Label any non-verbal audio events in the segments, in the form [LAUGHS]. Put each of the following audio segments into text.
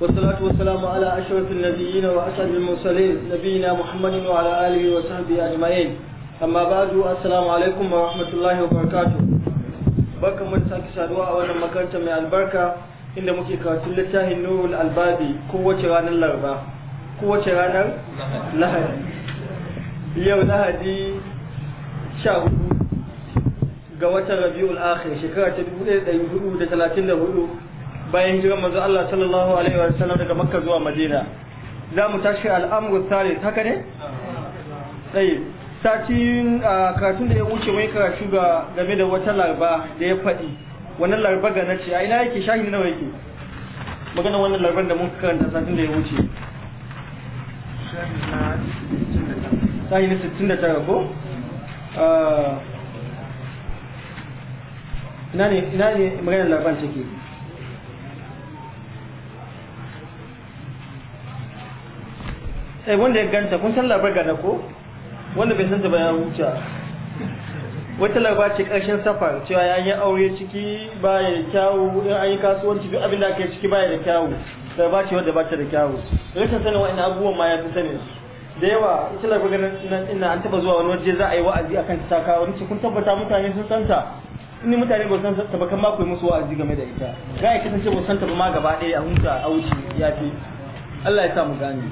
والصلاة والسلام على أشرف النبيين وأسعد المرسلين نبينا محمد وعلى آله وصحبه أجمعين أما بعد السلام عليكم ورحمة الله وبركاته barkan mu sake saduwa a wannan makaranta mai albarka inda muke karatun littafin Nurul Albabi kowace ranar Laraba kowace ranar Lahadi yau Lahadi 14 ga watan Rabiul Akhir shekara ta 1434 bayan jiran manzo Allah sallallahu alaihi wa sallam daga Makka zuwa Madina za mu tashi al'amru salis haka ne tsaye satin ah, karatun da ya wuce mai karatu ga game da wata larba da ya faɗi wannan larba ga na ce a ina yake shahin nawa yake magana wannan larban da mun karanta satin da ya wuce shahin na 69 ko tara ko. Ah, ina ne maganar larban take sai eh, wanda ya ganta kun san labar gana ko wanda bai san ta ba ya huta wata labar ce karshen safar cewa ya yi aure ciki ya da kyawu in an yi kasuwanci duk abin da aka yi ciki ya da kyawu ba ce wanda ba ta da kyawu rashin sanin wa'in abubuwan ma ya fi sanin da yawa ita labar gana ina an taba zuwa wani waje za a yi wa'azi akan ta kawo ni kun tabbata mutane sun santa ni mutane ba san ta ba kan ma ku yi musu wa'azi game da ita ga ya kasance ba san ta ba ma gaba ɗaya a hunta a wuce ya fi Allah ya sa mu gane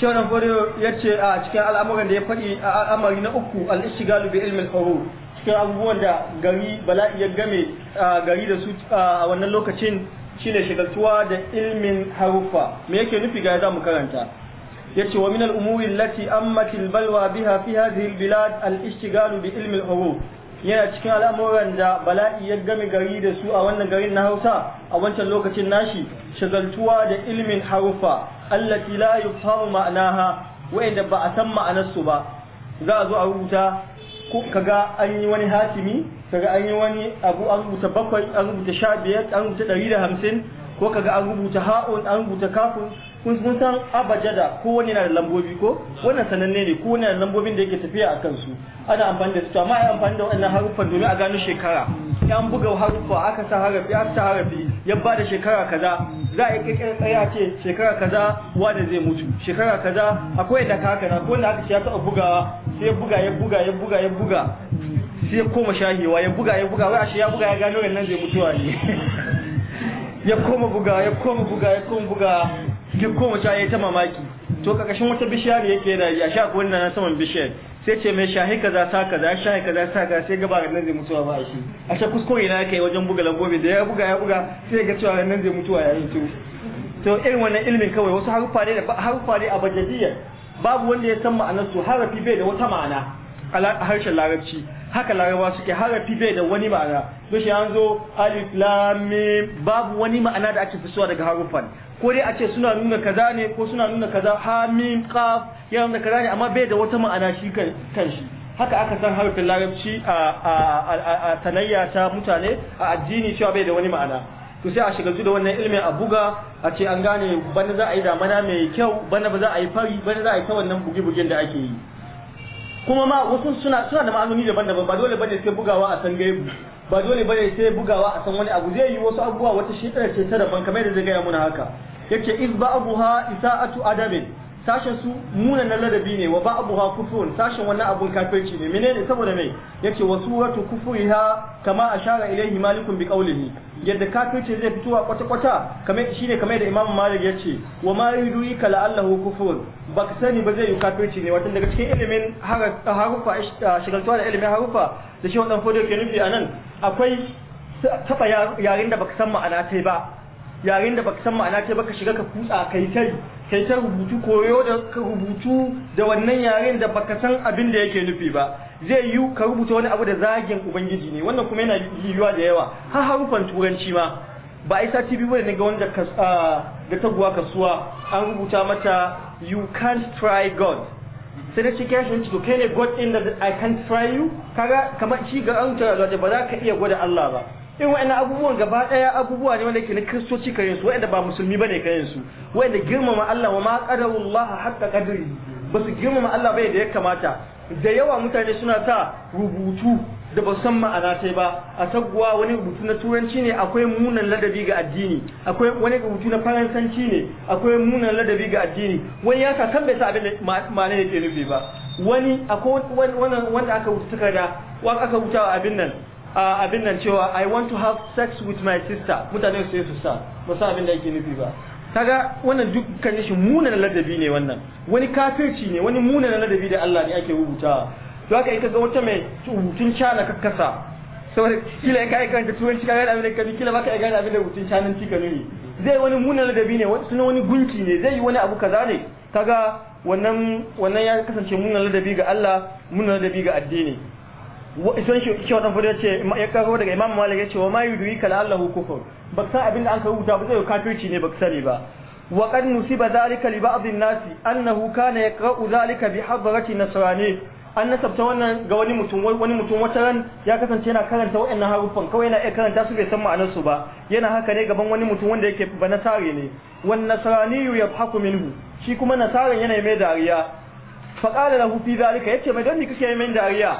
shehu dan fodiyo ya ce a cikin al'amuran da ya faɗi a al'amari na uku al bi ilmin horo cikin abubuwan da gari bala'i ya game gari da su a wannan lokacin shine shigaltuwa da ilmin haruffa me yake nufi ga za mu karanta yace wa minal umurin umuri allati ammat al biha fi hadhihi bilad al bi ilmi al yana cikin al'amuran da bala'i ya game gari da su a wannan garin na Hausa a wancan lokacin nashi shagaltuwa da ilmin harufa allati la yufhamu ma'naha wa'inda ba a san ma'anarsu ba za a zo a rubuta ko kaga an yi wani hatimi kaga an yi wani abu an rubuta bakwai an rubuta sha biyar an rubuta ɗari da hamsin ko kaga an rubuta ha'un an rubuta kafin kun san Jada ko wani na da lambobi ko wannan sananne ne ko wani da lambobin da yake tafiya a kansu ana amfani da su amma ai amfani da wannan haruffan domin a gano shekara yan buga haruffa aka sa harafi aka sa harafi ya ba da shekara kaza za a yi kirkirar tsaya ce shekara kaza wanda zai mutu shekara kaza akwai da kaka na ko wanda aka ce ya taɓa bugawa sai ya buga ya buga ya buga ya buga sai ya koma shahewa ya buga ya buga wai ashe ya buga ya gano nan zai mutuwa ne [LAUGHS] ya koma buga ya koma buga ya koma buga duk kowace ya ta mamaki to kakashin wata bishiya ne yake yana a sha kuwan na saman bishiyar sai ce mai shahi kaza sa kaza shahi kaza sa kaza sai gaba nan zai mutuwa ba shi a sha kuskure na kai wajen buga lambobi da ya buga ya buga sai ga cewa nan zai mutuwa yayin to to irin wannan ilimin kawai wasu haruffa ne ne a bajadiyar babu wanda ya san ma'anar su harafi bai da wata ma'ana a harshen larabci haka larabawa suke harafi bai da wani ma'ana to shi an zo alif lam babu wani ma'ana da ake fitowa daga harufan ko dai a ce suna nuna kaza ne ko suna nuna kaza ha mim qaf yana nuna kaza ne amma bai da wata ma'ana shi kan shi haka aka san harafin larabci a sanayya ta mutane a addini cewa bai da wani ma'ana to sai a shiga da wannan ilimin a buga a ce an gane bana za a yi damana mai kyau bana ba za a yi fari bana za a yi ta wannan bugi bugin da ake yi kuma ma wasu suna suna da ma'anoni daban-daban ba dole bane sai bugawa a san gaibu ba dole bane sai bugawa a san wani abu zai yi wasu abubuwa wata shi ce ta daban kamar da zai gaya muna haka yake izba isa isa'atu adamin sashen su munanan ladabi ne wa ba abu ha kufun sashen wannan abun kafirci ne menene saboda me yace wa suratu ha kama ashara ilaihi malikun bi qawlihi yadda kafirci zai fito a kwata kwata kamar shine kamar da imam malik yace wa ma yudrika la'allahu kufrun baka sani ba zai yi kafirci ne watan daga cikin ilimin harufa eh, shigaltuwa da ilimin harufa da shi wannan fodo ke nufi anan akwai taba yaren da baka san ma'ana tai ba yaren da baka san ma'ana tai ba ka shiga ka kutsa kai kai kai ta rubutu koyo da ka rubutu da wannan yaren da baka san abin da yake nufi ba zai yiwu ka rubuta wani abu da zagin ubangiji ne wannan kuma yana yiwuwa da yawa har harufan turanci ma ba a isa tv bane ga wanda ah, da taguwa kasuwa an rubuta mata you can't try god sai da cikin shi to kai ne god in that i can't try you kaga kamar shi ga an ta ba za ka iya gwada Allah ba In wa'annan abubuwan gaba daya abubuwa ne wanda yake na kristoci kayan su wa'anda ba musulmi bane kayan su wa'anda girmama Allah wa ma qadarullah hatta qadri ba girmama Allah bai da ya kamata da yawa mutane suna sa rubutu da ba san ma'ana sai ba a tagwa wani rubutu na turanci ne akwai munan ladabi ga addini akwai wani rubutu na faransanci ne akwai munan ladabi ga addini wani ya san bai sa abin da ma'ana yake nufi ba wani akwai wanda aka rubuta takarda wa aka rubuta abin nan abin nan cewa I want to have sex with my sister mutane su su sa ba sa abin da yake nufi ba kaga wannan dukkan shi munana ladabi ne wannan wani kafirci ne wani munana ladabi da Allah ne ake rubuta to haka in kaga wata mai rubutun cana kakkasa saboda kila kai kan ta turanci kaga da abin da kila baka ga abin da tun canan tika ne zai wani munana ladabi ne wani sunan wani gunki ne zai yi wani abu kaza ne kaga wannan wannan ya kasance munana ladabi ga Allah munana ladabi ga addini sun shi wadan fure ce ya karo daga imam malik ya ce wa ma yudri kala allahu kufur ba san abin da an rubuta ba zai kafirci ne ba sani ba wa qad nusiba zalika li Nasi an-nas annahu kana yaqra'u zalika bi hadrati nasrani an nasabta wannan ga wani mutum wani mutum wata ran ya kasance yana karanta wayannan haruffan kawai yana iya karanta su bai san ma'anar su ba yana haka ne gaban wani mutum wanda yake ba nasare ne wan nasrani yabhaku minhu shi kuma nasara yana mai dariya fa qala lahu fi zalika yace mai don ni kake mai dariya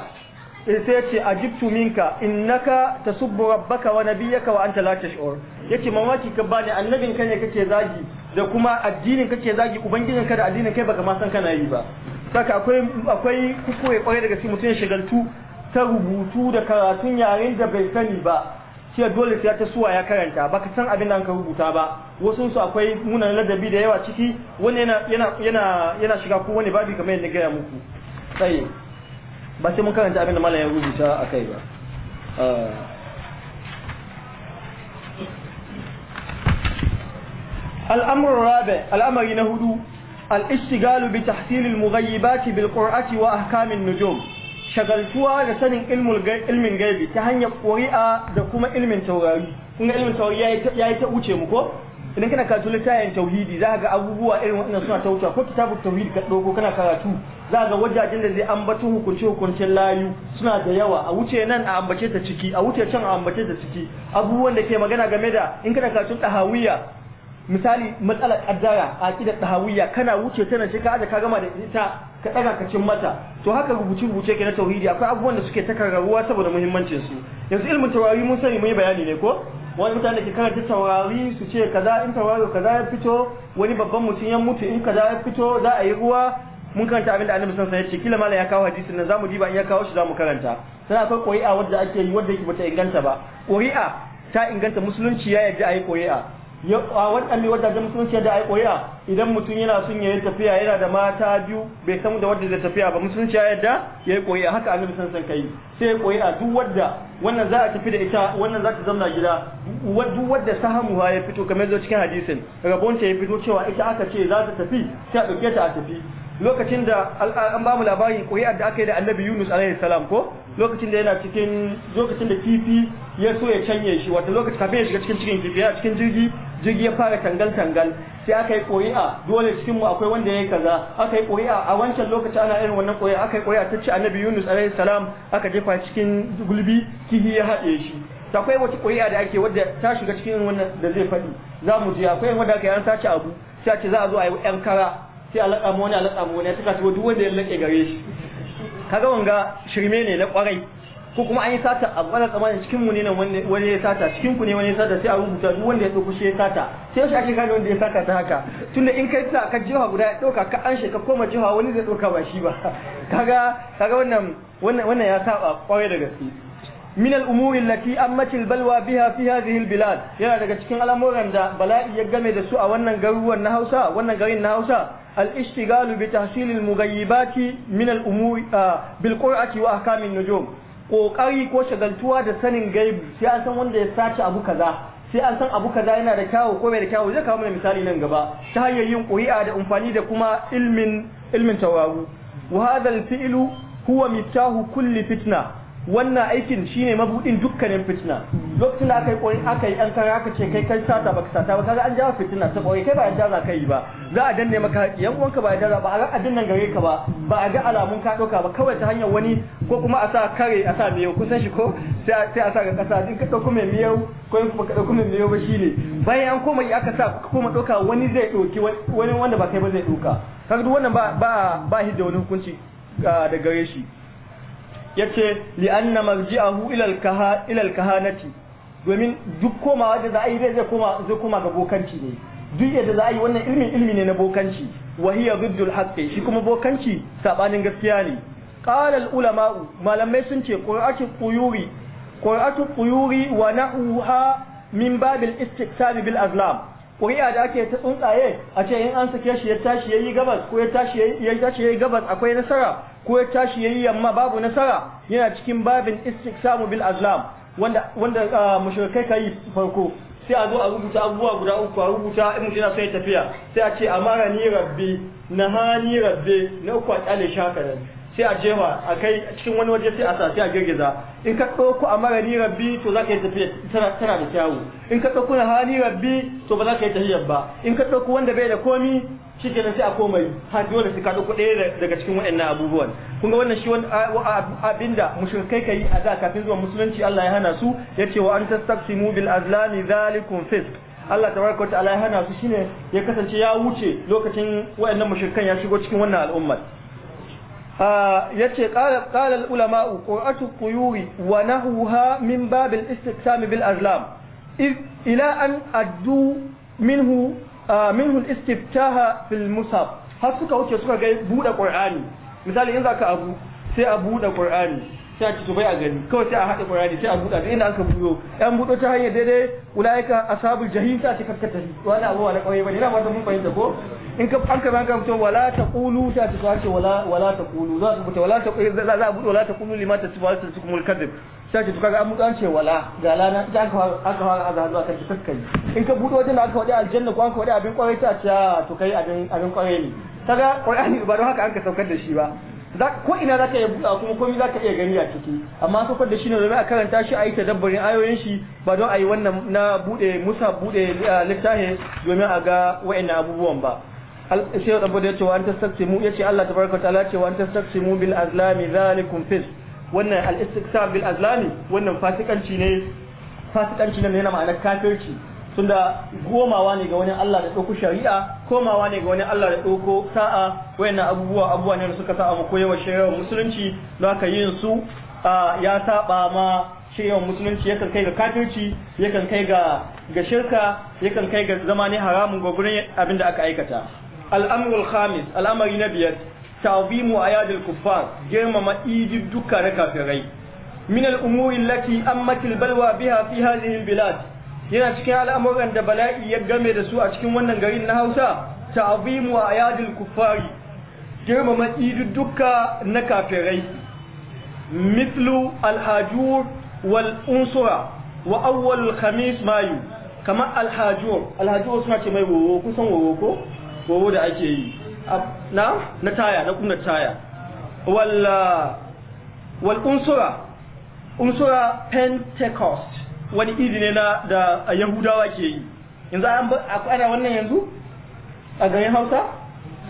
Eh, sai ce ajibtu minka innaka tasubbu rabbaka wa nabiyyaka wa anta la ya ce mamaki ka bani annabin ka ne kake zagi da kuma addinin kake zagi ubangijin ka da addinin kai baka ma san kana yi ba saka akwai akwai kuskure kwarai daga cikin ya shagaltu ta rubutu da karatun yaren da bai sani ba shi dole sai ta suwa ya karanta baka san abin da ka rubuta ba wasu su akwai munanan ladabi da yawa ciki wani yana yana yana shiga ko wani babi kamar yadda gaya muku tsaye ba sai mun karanta abin da malam ya rubuta a kai ba الأمر الرابع الأمر نهدو bil bil wa wa kamin nujum shagaltuwa da sanin ilmin gaibi ta hanyar ƙuri'a da kuma ilmin taurari kun ga ilmin taurari ya yi ta wuce mu ko idan kana karatu littafin tauhidi za ga abubuwa irin wannan suna ta ko kitabun tauhidi ka ɗauko kana karatu za ga wajajen da zai ambaci hukunci hukuncin layu suna da yawa a wuce nan a ambace ta ciki a wuce can a ambace ta ciki abubuwan da ke magana game da in kana karatun tahawiyya misali matsalar kaddara a kidar tahawiyya kana wuce tana ce ka aje ka gama da ita ka daga ka cin mata to haka rubuce rubuce ke na tauhidi akwai abubuwan da suke ta saboda muhimmancin su yanzu ilmin tawari mun sani mun yi bayani ne ko wani mutane ke karanta taurari su ce kaza in taurari kaza ya fito wani babban mutum ya mutu in kaza ya fito za a yi ruwa mun karanta abin da annabi sallallahu alaihi ya ce kila mala ya kawo hadisin nan zamu diba in ya kawo shi zamu karanta sai akwai ƙuri'a wadda ake yi wadda yake bata inganta ba ƙuri'a ta inganta musulunci ya yarda a yi ƙuri'a waɗanne wadda ta musulunci da ai idan mutum yana son yi tafiya yana da mata biyu bai san da wadda zai tafiya ba musulunci ya yadda yayi koyi haka annabi san san kai sai koyi a duk wadda wannan za a tafi da ita wannan za ta zauna gida duk wadda sahamu ya fito kamar zo cikin hadisin rabonta ya fito cewa ita aka ce za ta tafi sai a ɗauke ta a tafi lokacin da an ba mu labari koyar da aka yi da annabi Yunus alaihi salam ko lokacin da yana cikin lokacin da kifi ya so ya canye shi wata lokacin kafin ya shiga cikin cikin kifi ya cikin jirgi jirgi ya fara tangal tangal sai aka yi ƙuri'a dole cikin mu akwai wanda yayi kaza aka yi ƙuri'a a wancan lokaci ana irin wannan ƙuri'a aka yi ƙuri'a a ce annabi Yunus alaihi salam aka jefa cikin gulbi kifi ya haɗe shi ta akwai wata ƙuri'a da ake wadda ta shiga cikin wannan da zai faɗi za mu ji akwai wanda aka yi an sace abu sai a ce za a zo a yi ƴan kara sai a laƙa mu wani a laƙa mu wani ya tuka duk wanda ya laƙe gare shi kaga wanga shirme ne na kwarai ko kuma an yi sata a wannan tsamanin cikin mu ne nan wani ya sata cikin ku ne wani ya sata sai a rubuta duk wanda ya dauko shi ya sata sai shi ake gane wanda ya sata ta haka tunda in kai ta ka jiha guda ya dauka ka an ka koma jiha wani zai dauka ba shi ba [LAUGHS] kaga kaga wannan wannan wannan ya saba kwarai da gaske min al-umuri allati ammat al-balwa biha fi hadhihi al-bilad yana daga cikin al'amuran da bala'i ya game da su a wannan garuruwan na Hausa wannan garin na Hausa الاشتغال بتحصيل المغيبات من الأمور بالقرعة وأحكام النجوم kokari ko shagaltuwa da sanin gaibu sai an san wanda ya sace abu kaza sai an san abu kaza yana da kyawu ko bai da kyawu zai kawo mana misali nan gaba ta hanyar yin ƙuri'a da amfani da kuma ilmin ilmin tawaru wa hadha al-fi'lu huwa mitahu kulli fitna wannan aikin shine mabudin dukkanin fitina lokacin da aka yi koyi aka yi an aka ce kai kai sata baka sata ba kaga an jawo fitina ta koyi kai ba yadda za ka yi ba za a danne maka yan uwan uwanka ba yadda ba a ga nan gare ka ba ba a ga alamun ka ɗauka ba kawai ta hanyar wani ko kuma a sa kare a sa miyau kusan shi ko sai a sa ga ƙasa din ka ɗauko mai miyau ko in kuma ka ɗauko mai miyau ba shine bayan an koma aka sa kuma ɗauka wani zai ɗauki wani wanda ba kai ba zai ɗauka kaga duk wannan ba ba ba hidda wani hukunci ah, da gare shi Ya li anna marji'ahu ila kahanati domin duk komawa da za a yi zai koma zai koma ga bokanci ne duk yadda za a yi wannan ilmin ilmi ne na bokanci wa ziddul haqqi shi kuma bokanci sabanin gaskiya ne qala al-ulama malamai sun ce qur'atu quyuri qur'atu quyuri wa na'uha min babil istiqsab bil azlam ƙuri'a da ake ta tsuntsaye a ce in an sake shi ya tashi yi gabas ko ya tashi ya yi gabas akwai nasara ko ya tashi yi yamma babu nasara yana cikin babin istiksamu bil azlam wanda wanda ah, mushrikai kai farko sai a zo a rubuta abubuwa guda uku a rubuta in mutum yana son tafiya sai a ce mara ni rabbi nahani rabbi na uku a kyale shaka sai a jema a kai cikin wani waje sai a sa sai a girgiza in ka ɗauko a mara ni rabbi to za ka yi tafiya tana da kyawu in ka ɗauko na hani rabbi to ba za ka yi tafiyar ba in ka ɗauko wanda bai da komi shi kenan sai a komai ha dole sai ka ɗauko ɗaya daga cikin waɗannan abubuwan kun ga wannan shi wani abinda mushrikai kai a da kafin zuwa musulunci Allah ya hana su ya ce wa an tastaqsimu bil azlami zalikum fisq Allah tabaraka ta'ala ya hana su shine ya kasance ya wuce lokacin wayannan mushrikan ya shigo cikin wannan al'ummar Ya ce qala al ulama qur'atu wa nahwaha min bab al bil azlam ila an addu minhu minhu istiftaha fil musab har suka wuce suka ga buɗe qur'ani misali in zaka abu sai a buɗe qur'ani sai a ci su a gani kawai sai a haɗa murari sai a buɗa da inda aka buɗo yan buɗo ta hanyar daidai ulaika ashabul jahim sai a ci karkata shi wani abuwa na ƙauye bane ina ba ta mun fahimta ko in ka an ka ka mutum wala ta kulu ta ci sace wala wala ta kulu za su mutu wala ta za a buɗe wala ta kulu lima ta ci wala ta ci kumul kadhib sai ci kaga an mutu an ce wala ga lana ita aka aka fara azza zuwa kan kai in ka buɗe wajen da aka wadi aljanna ko aka wadi abin ƙwarai ta ce ah, to kai abin abin ƙwarai ne kaga ƙur'ani ba don haka an ka saukar da shi ba ko ina zaka iya buɗa kuma komai zaka iya gani a ciki amma saukar da shi ne domin a karanta shi a yi tadabbarin ayoyin shi ba don a yi wannan na buɗe musa buɗe littafi domin a ga wa'annan abubuwan ba sai da bude cewa an tastaqsimu yace Allah tabaraka ta'ala cewa an mu bil azlami zalikum fis wannan al bil azlami wannan fasikanci ne fasikanci ne yana ma'anar kafirci tunda gomawa ne ga wani Allah da ɗauko shari'a komawa ne ga wani Allah da ɗauko sa'a wayannan abubuwa abubuwa ne da suka sa mu koyewa shari'ar musulunci don haka yin su ya saba ma shari'ar musulunci yakan kai ga kafirci yakan kai ga ga shirka yakan kai ga zama ne haramun gwagwarin abin da aka aikata al'amrul khamis al'amari na biyar ta'zimu ayadil kuffar girmama idid duka na kafirai min al-umuri allati ammatil balwa biha fi hadhihi bilad yana cikin al'amuran da bala'i ya game da su a cikin wannan garin na Hausa ta'zimu ayadil kuffari girmama idudduka na kafirai mitlu alhajur wal unsura wa awwal khamis mayu kamar alhajur alhajur suna ce mai wowo kusan wowo ko wowo da ake yi na na taya na kuna taya Walunsura. Uh, wal unsura unsura pentecost wani ne na da yahudawa ke yi yanzu ana wannan yanzu a garin hausa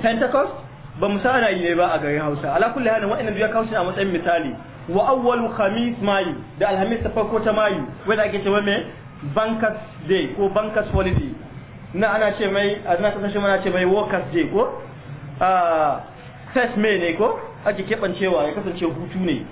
pentecost ba mu yi ne ba a garin hausa ala kulli halin wa'annan biya kawo a matsayin misali wa awwalu khamis mayu da alhamis ta farko ta mayu wanda ake cewa mai bankas day ko bankas holiday na ana ce mai a zina kasashe mana ce mai workers day ko a ah, first may ne ko ake keɓancewa ya kasance hutu ne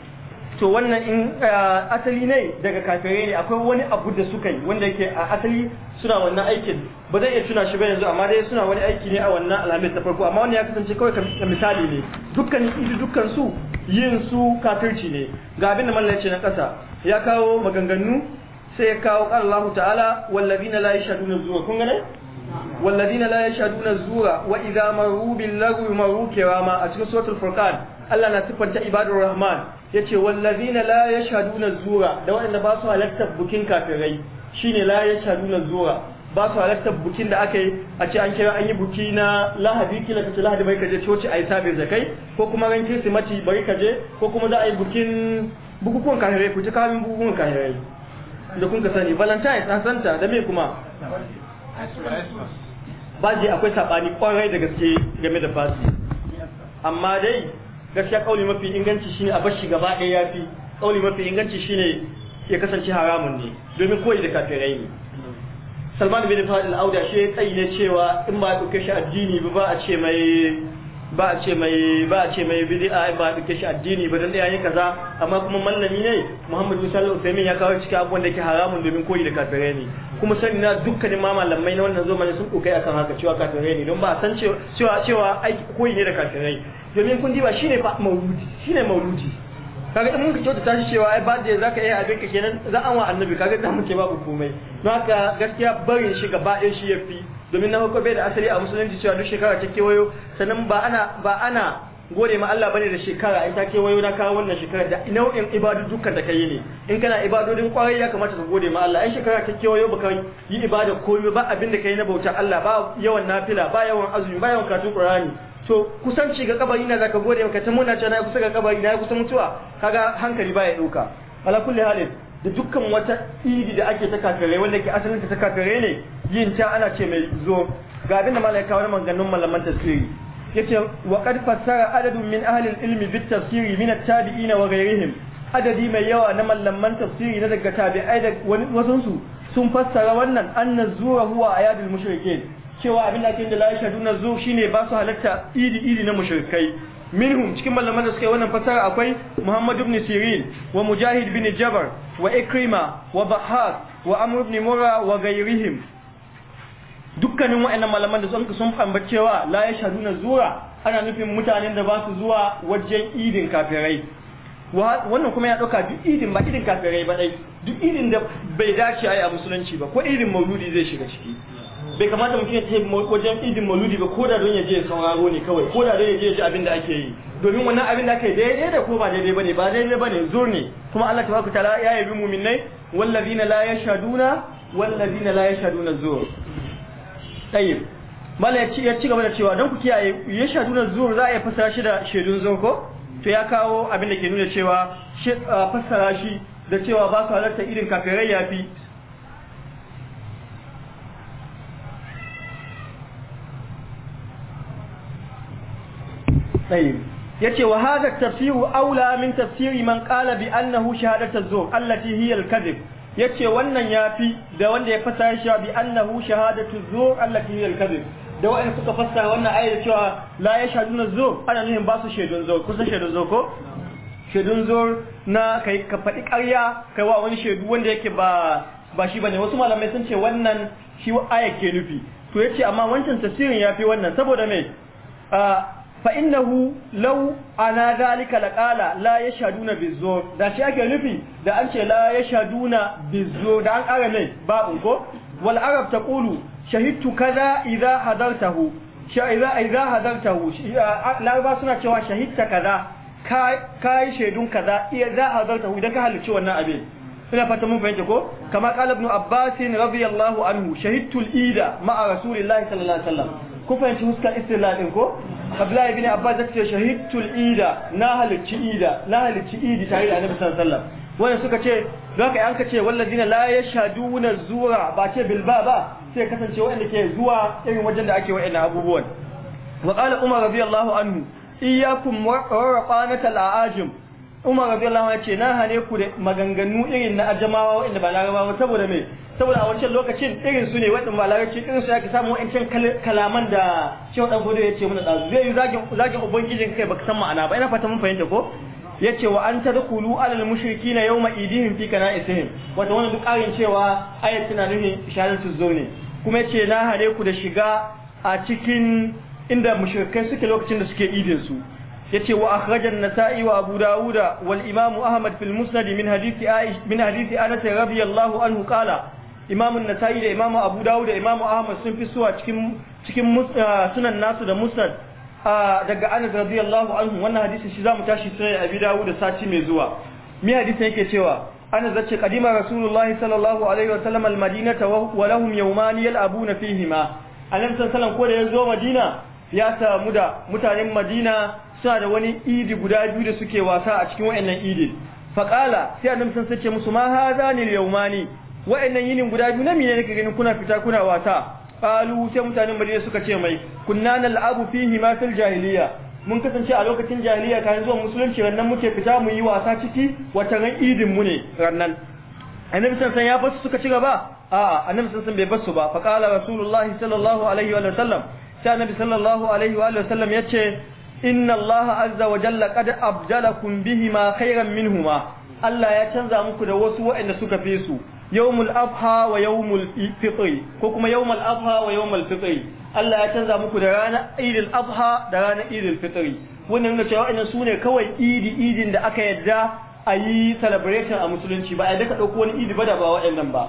to wannan in uh, asali ne daga kafirai ne akwai wani abu da suka yi wanda yake a asali suna wannan aikin ba zai iya tuna shi ba yanzu amma dai suna wani aiki ne a wannan alhamis ta farko amma wannan ya kasance kawai ka misali ne dukkan idu dukkan su yin su kafirci ne ga abin da ce na kasa ya kawo maganganu sai ya kawo qala Allah ta'ala wallazina la yashaduna zuwa kun gane wallazina la yashaduna zuwa wa idza maru bil lagwi maru kirama a cikin suratul furqan Allah na siffanta ibadur rahman ya yace wallazina la shaduna zura da waɗanda ba su halartar bukin kafirai shine la shaduna zura ba su halartar bukin da aka yi a ce an kira an yi buki na lahadi kila ce lahadi bai kaje coci a yi sabir zakai ko kuma ran kirsimati bari kaje ko kuma za a yi bukin bukukuwan kahirai ku ji kamin bukukuwan kahirai da kun ka sani valentine an santa da me kuma baji akwai sabani kwarai da gaske game da fasi amma dai gaskiya kauli mafi inganci shine a bashi gaba ɗaya yafi kauli mafi inganci shine ya kasance haramun ne domin koyi da kafirai ne Salman bin Fadil Auda shi ya tsayi ne cewa in ba a ɗauke shi addini ba ba a ce mai ba a ce mai ba a ce mai bid'a ba a ɗauke shi addini ba dan ɗaya kaza amma kuma mallami ne muhammadu sallallahu alaihi wasallam ya kawo cikin abubuwan da ke haramun domin koyi da kafirai ne kuma sani na dukkanin ma malamai na wannan zamanin sun kokai akan haka cewa kafirai ne don ba a san cewa cewa koyi ne da kafirai domin kun diba shine fa mauludi shine mauludi kaga in muka kyautata shi cewa ai birthday zaka yi abin ka kenan za an wa annabi kaga da ce babu komai don haka gaskiya barin shi gaba ɗaya shi yafi domin na farko bai da asali a musulunci cewa duk shekara ta kewayo sannan ba ana ba ana gode ma Allah bane da shekara ai ta kewayo na kawo wannan shekara da nau'in ibadu dukkan da kai ne in kana ibadodin kwarai ya kamata ka gode ma Allah ai shekara ta kewayo baka yi ibada koyo ba abin da kai na bautar Allah ba yawan nafila ba yawan azumi ba yawan karatu Qur'ani to kusanci ga kabari na zaka gode maka ta muna cewa na kusa ga kabari na kusa mutuwa kaga hankali baya dauka ala kulli halin da dukkan wata idi da ake ta kakare wanda ke asalin ta kakare ne yin ta ana ce mai zo ga abin da malaka wani maganganun malaman tafsiri yace wa qad fassara adadun min ahli ilmi bit tafsiri min at-tabi'in wa ghayrihim adadi mai yawa na mallaman tafsiri na daga tabi'ai da wasu sun fassara wannan anna zura huwa ayadul mushrikeen cewa abin da ake da la'isha duna zo shine ba su halatta idi idi na mushrikai minhum cikin malaman da suka yi wannan fasara akwai Muhammad ibn Sirin wa Mujahid bin Jabar wa Ikrima wa Bahas wa Amr ibn Mura wa gairihim dukkanin wa'annan malaman da sun sun ambaci cewa la'isha duna zura ana nufin mutanen da ba su zuwa wajen idin kafirai wannan kuma ya ɗauka duk idin ba idin kafirai ba dai duk idin da bai dace a yi a musulunci ba ko idin mauludi zai shiga ciki bai kamata mutum ya tafi wajen idin maludi ba ko da don ya je sauraro ne kawai ko da don ya je ji abin da ake yi domin wannan abin da aka yi daidai da ko ba daidai bane ba daidai bane zur ne kuma Allah Ta baka tala ya yabi mu'minai wallazina la yashaduna wallazina la yashaduna zur tayyib mala ya ci gaba da cewa don ku kiyaye yashaduna zur za a yi fasara shi da shedun zur ko to ya kawo abin da ke nuna cewa fassara shi da cewa ba su halarta irin kafirai yafi tayyib yace wa hadha tafsiru aula min tafsiri man qala bi annahu shahadatu zur allati hiya al-kadhib yace wannan yafi da wanda ya fasara shi bi annahu shahadatu zur allati hiya al-kadhib da wa'in suka fassara wannan ayar cewa la yashhaduna zur ana nuhin ba su shaidun zur kusa shaidun zur ko shaidun zur na kai ka faɗi ƙarya kai wa wani shaidu wanda yake ba ba shi bane wasu malamai sun ce wannan shi ayar ke nufi to yace amma wancan tafsirin yafi wannan saboda me fa innahu law ana zalika laqala la yashaduna bizur da shi ake nufi da an ce la yashaduna bizur da an ƙara mai ba ko wal arab taqulu shahidtu kaza idza hadartahu idza idza hadartahu laraba suna cewa shahidta kaza kai shaidun kaza idza hadartahu idan ka halarci wannan abin ina fata mun fahimta ko kama qala ibn abbas radiyallahu anhu shahidtu al-ida ma'a rasulillahi sallallahu alaihi wasallam ku fahimci huskar istila din ko abdullahi ibn abbas ya ce shahidtul ida na halicci ida na halicci idi tare da annabi sallallahu alaihi wasallam wanda suka ce don ka yanka ce wallazina la yashhaduna zura ba ce bilba ba sai kasance wanda ke zuwa irin wajen da ake wa'annan abubuwan wa qala umar radiyallahu anhu iyyakum wa a aajim umar radiyallahu ce na hane ku da maganganu irin na ajamawa wanda ba larabawa saboda me saboda a wancan lokacin irin su ne wadanda ba larabci irin su yake samu wa'ancan kalaman da shehu dan godo ya ce mana dazu zai yi zagin zagin ubangijin kai baka san ma'ana ba ina fata mun fahimta ko yace wa an kulu alal mushrikina yawma idihim fi kana'isihim wato wannan duk ƙarin cewa ayat tana nuni shahadatu zo ne kuma yace na hare ku da shiga a cikin inda mushrikai suke lokacin da suke idin su yace wa akhrajan nasa'i wa abu dauda wal imam ahmad fil musnad min hadisi aish min hadisi anas radiyallahu anhu qala imam an-nasa'i da imam abu dauda da imam ahmad sun fi suwa cikin cikin ah, sunan nasu da musnad ah, daga anas radiyallahu anhu wannan hadisi shi zamu tashi sai abi dauda sati mai zuwa mi hadisin yake cewa anas zace qadima rasulullahi sallallahu alaihi wa sallam al-madinata wa lahum yawman yal'abuna fihima annabi sallallahu alaihi ko da ya zo madina ya samu da mutanen madina suna da wani idi guda biyu da suke wasa a cikin wayannan idin Faƙala sai annabi sun sace musu ma hadani al-yawmani wayannan yinin guda biyu na mine nake ganin kuna fita kuna wasa qalu sai mutanen madina suka ce mai kunna nal'abu fihi ma fil jahiliya mun kasance a lokacin jahiliya kayan zuwa musulunci rannan muke fita mu yi wasa ciki wata ran idin mu ne rannan annabi sun ya basu suka ci gaba a'a annabi sun bai basu ba faqala rasulullahi sallallahu alaihi wa sallam sai annabi sallallahu alaihi wa sallam yace inna Allah azza wa jalla qad abdalakum bihima khairan minhuma Allah ya canza muku da wasu waɗanda suka fesu. su yawmul adha wa yawmul fitr ko kuma yawmul adha wa yawmul fitr Allah ya canza muku da ranar Idil adha da ranar Idil fitr wannan ga cewa waɗannan sune kawai idi idin da aka yarda a yi celebration a musulunci ba a yadda ka ɗauko wani idi ba da ba waɗannan ba